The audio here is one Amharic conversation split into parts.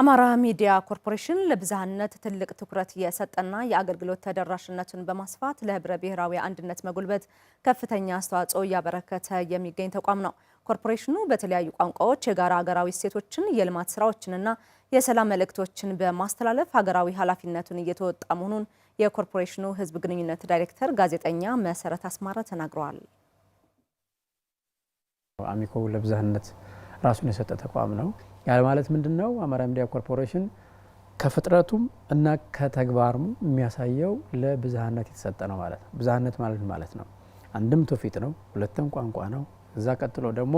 አማራ ሚዲያ ኮርፖሬሽን ለብዝሃነት ትልቅ ትኩረት የሰጠና የአገልግሎት ተደራሽነትን በማስፋት ለህብረ ብሔራዊ አንድነት መጎልበት ከፍተኛ አስተዋጽኦ እያበረከተ የሚገኝ ተቋም ነው። ኮርፖሬሽኑ በተለያዩ ቋንቋዎች የጋራ ሀገራዊ እሴቶችን፣ የልማት ስራዎችንና የሰላም መልእክቶችን በማስተላለፍ ሀገራዊ ኃላፊነቱን እየተወጣ መሆኑን የኮርፖሬሽኑ ህዝብ ግንኙነት ዳይሬክተር ጋዜጠኛ መሰረት አስማረ ተናግረዋል። አሚኮ ለብዝሃነት ራሱን የሰጠ ተቋም ነው። ያ ማለት ምንድን ነው? አማራ ሚዲያ ኮርፖሬሽን ከፍጥረቱም እና ከተግባሩም የሚያሳየው ለብዝሃነት የተሰጠ ነው ማለት ነው። ብዝሃነት ማለት ማለት ነው አንድም ትውፊት ነው፣ ሁለትም ቋንቋ ነው። እዛ ቀጥሎ ደግሞ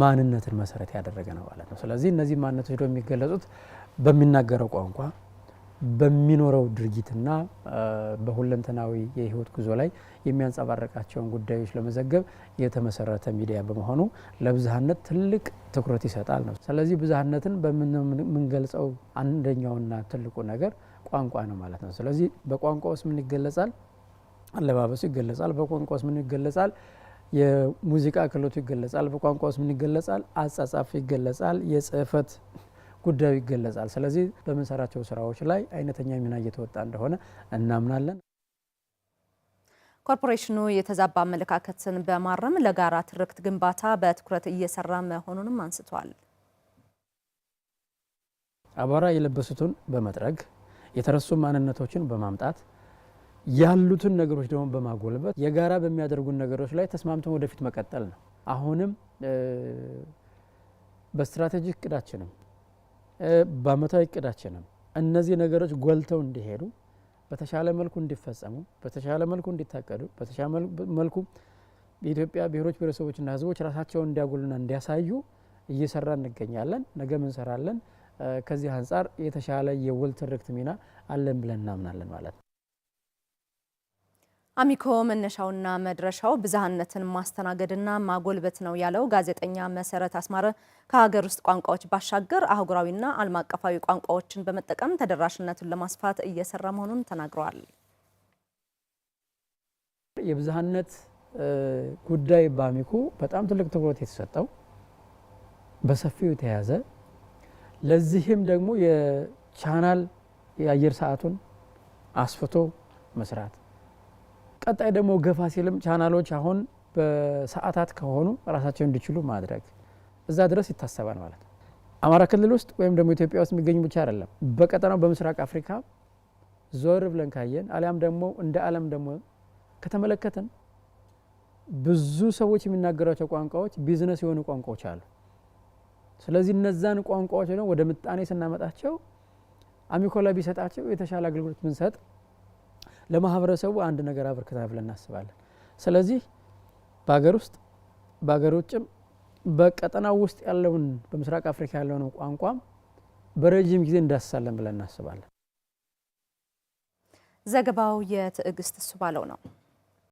ማንነትን መሰረት ያደረገ ነው ማለት ነው። ስለዚህ እነዚህ ማንነቶች ደግሞ የሚገለጹት በሚናገረው ቋንቋ በሚኖረው ድርጊትና በሁለንተናዊ የህይወት ጉዞ ላይ የሚያንጸባረቃቸውን ጉዳዮች ለመዘገብ የተመሰረተ ሚዲያ በመሆኑ ለብዝሃነት ትልቅ ትኩረት ይሰጣል ነው። ስለዚህ ብዝሃነትን በምንገልጸው አንደኛውና ትልቁ ነገር ቋንቋ ነው ማለት ነው። ስለዚህ በቋንቋ ውስጥ ምን ይገለጻል? አለባበሱ ይገለጻል። በቋንቋ ውስጥ ምን ይገለጻል? የሙዚቃ ክህሎቱ ይገለጻል። በቋንቋ ውስጥ ምን ይገለጻል? አጻጻፍ ይገለጻል። የጽህፈት ጉዳዩ ይገለጻል። ስለዚህ በምንሰራቸው ስራዎች ላይ አይነተኛ ሚና እየተወጣ እንደሆነ እናምናለን። ኮርፖሬሽኑ የተዛባ አመለካከትን በማረም ለጋራ ትርክት ግንባታ በትኩረት እየሰራ መሆኑንም አንስቷል። አቧራ የለበሱትን በመጥረግ የተረሱ ማንነቶችን በማምጣት ያሉትን ነገሮች ደግሞ በማጎልበት የጋራ በሚያደርጉን ነገሮች ላይ ተስማምተን ወደፊት መቀጠል ነው። አሁንም በስትራቴጂክ እቅዳችንም በአመታዊ እቅዳችንም እነዚህ ነገሮች ጎልተው እንዲሄዱ በተሻለ መልኩ እንዲፈጸሙ በተሻለ መልኩ እንዲታቀዱ በተሻለ መልኩ የኢትዮጵያ ብሔሮች ብሔረሰቦችና ህዝቦች ራሳቸውን እንዲያጎሉና እንዲያሳዩ እየሰራ እንገኛለን። ነገም እንሰራለን። ከዚህ አንጻር የተሻለ የውልትርክት ትርክት ሚና አለን ብለን እናምናለን ማለት ነው። አሚኮ መነሻውና መድረሻው ብዝሃነትን ማስተናገድና ማጎልበት ነው ያለው ጋዜጠኛ መሰረት አስማረ ከሀገር ውስጥ ቋንቋዎች ባሻገር አህጉራዊና ዓለም አቀፋዊ ቋንቋዎችን በመጠቀም ተደራሽነቱን ለማስፋት እየሰራ መሆኑን ተናግረዋል። የብዝሃነት ጉዳይ በአሚኮ በጣም ትልቅ ትኩረት የተሰጠው በሰፊው የተያዘ ለዚህም ደግሞ የቻናል የአየር ሰዓቱን አስፍቶ መስራት ቀጣይ ደግሞ ገፋ ሲልም ቻናሎች አሁን በሰዓታት ከሆኑ ራሳቸው እንዲችሉ ማድረግ እዛ ድረስ ይታሰባል ማለት ነው። አማራ ክልል ውስጥ ወይም ደግሞ ኢትዮጵያ ውስጥ የሚገኙ ብቻ አይደለም። በቀጠናው በምስራቅ አፍሪካ ዞር ብለን ካየን አሊያም ደግሞ እንደ ዓለም ደግሞ ከተመለከትን ብዙ ሰዎች የሚናገሯቸው ቋንቋዎች ቢዝነስ የሆኑ ቋንቋዎች አሉ። ስለዚህ እነዛን ቋንቋዎች ነው ወደ ምጣኔ ስናመጣቸው አሚኮላ ቢሰጣቸው የተሻለ አገልግሎት ብንሰጥ ለማህበረሰቡ አንድ ነገር አብርክታ ብለን እናስባለን። ስለዚህ በሀገር ውስጥ በሀገር ውጭም በቀጠናው ውስጥ ያለውን በምስራቅ አፍሪካ ያለውን ቋንቋም በረዥም ጊዜ እንዳስሳለን ብለን እናስባለን። ዘገባው የትዕግስት እሱ ባለው ነው።